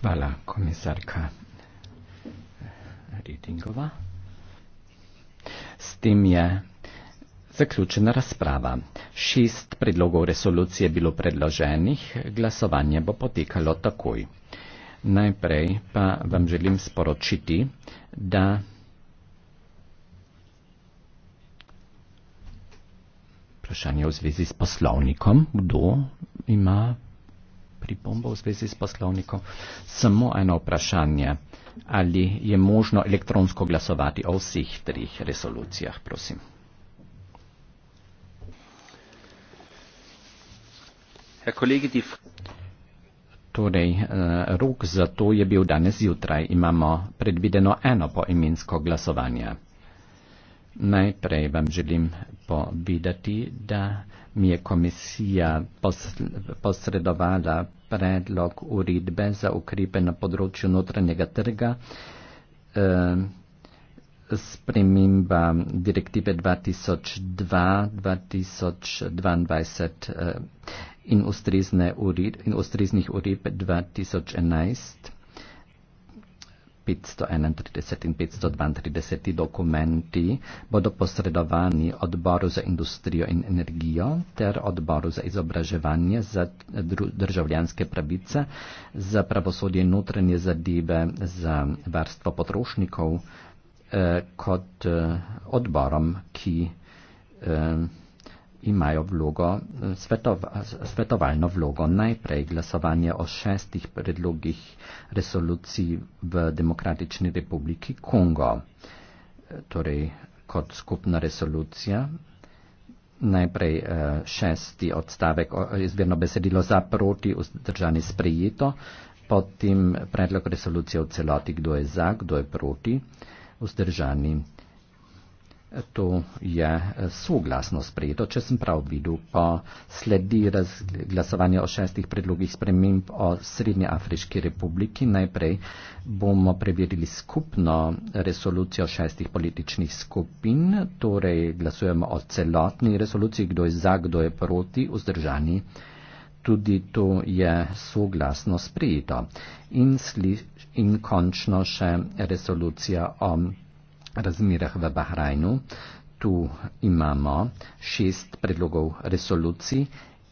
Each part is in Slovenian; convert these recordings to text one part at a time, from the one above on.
Hvala, komisarka Redingova. S tem je zaključena razprava. Šest predlogov resolucije je bilo predloženih, glasovanje bo potekalo takoj. Najprej pa vam želim sporočiti, da vprašanje v zvezi s poslovnikom, kdo ima pripombo v zvezi s poslovnikom. Samo eno vprašanje. Ali je možno elektronsko glasovati o vseh trih resolucijah, prosim? Torej, eh, rok za to je bil danes zjutraj. Imamo predvideno eno poimensko glasovanje. Najprej vam želim povedati, da mi je komisija posredovala predlog uredbe za ukrepe na področju notranjega trga, eh, sprememba direktive 2002-2022 eh, in ustreznih uredb 2011. 531 in 532 dokumenti bodo posredovani odboru za industrijo in energijo ter odboru za izobraževanje za državljanske pravice, za pravosodje in notranje zadeve, za varstvo potrošnikov eh, kot eh, odborom, ki eh, imajo vlogo, eh, svetova, svetovalno vlogo. Najprej glasovanje o šestih predlogih resolucij v Demokratični republiki Kongo, eh, torej kot skupna resolucija. Najprej eh, šesti odstavek, izvirno besedilo za proti, vzdržani sprejeto, potem predlog resolucije v celoti, kdo je za, kdo je proti, vzdržani to je eh, soglasno sprejeto, če sem prav videl, pa sledi glasovanje o šestih predlogih sprememb o Srednje Afriški republiki. Najprej bomo preverili skupno resolucijo šestih političnih skupin, torej glasujemo o celotni resoluciji, kdo je za, kdo je proti, vzdržani. Tudi to je soglasno sprejeto. In, sli, in končno še resolucija o razmerah v Bahrajnu. Tu imamo šest predlogov resolucij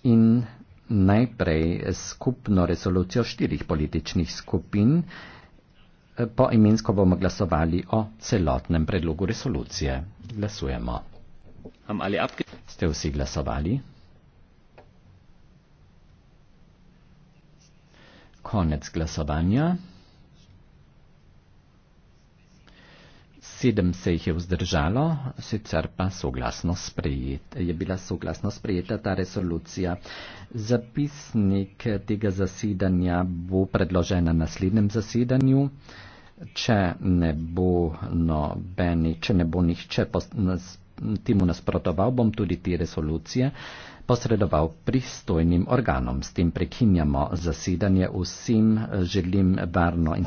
in najprej skupno resolucijo štirih političnih skupin. Po imensko bomo glasovali o celotnem predlogu resolucije. Glasujemo. Ste vsi glasovali? Konec glasovanja. sedem se jih je vzdržalo, sicer pa soglasno sprejet, je bila soglasno sprejeta ta resolucija. Zapisnik tega zasedanja bo predložen na naslednjem zasedanju. Če ne bo nobeni, če ne bo nihče pos, nas, temu nasprotoval, bom tudi te resolucije posredoval pristojnim organom. S tem prekinjamo zasedanje. Vsem želim varno in.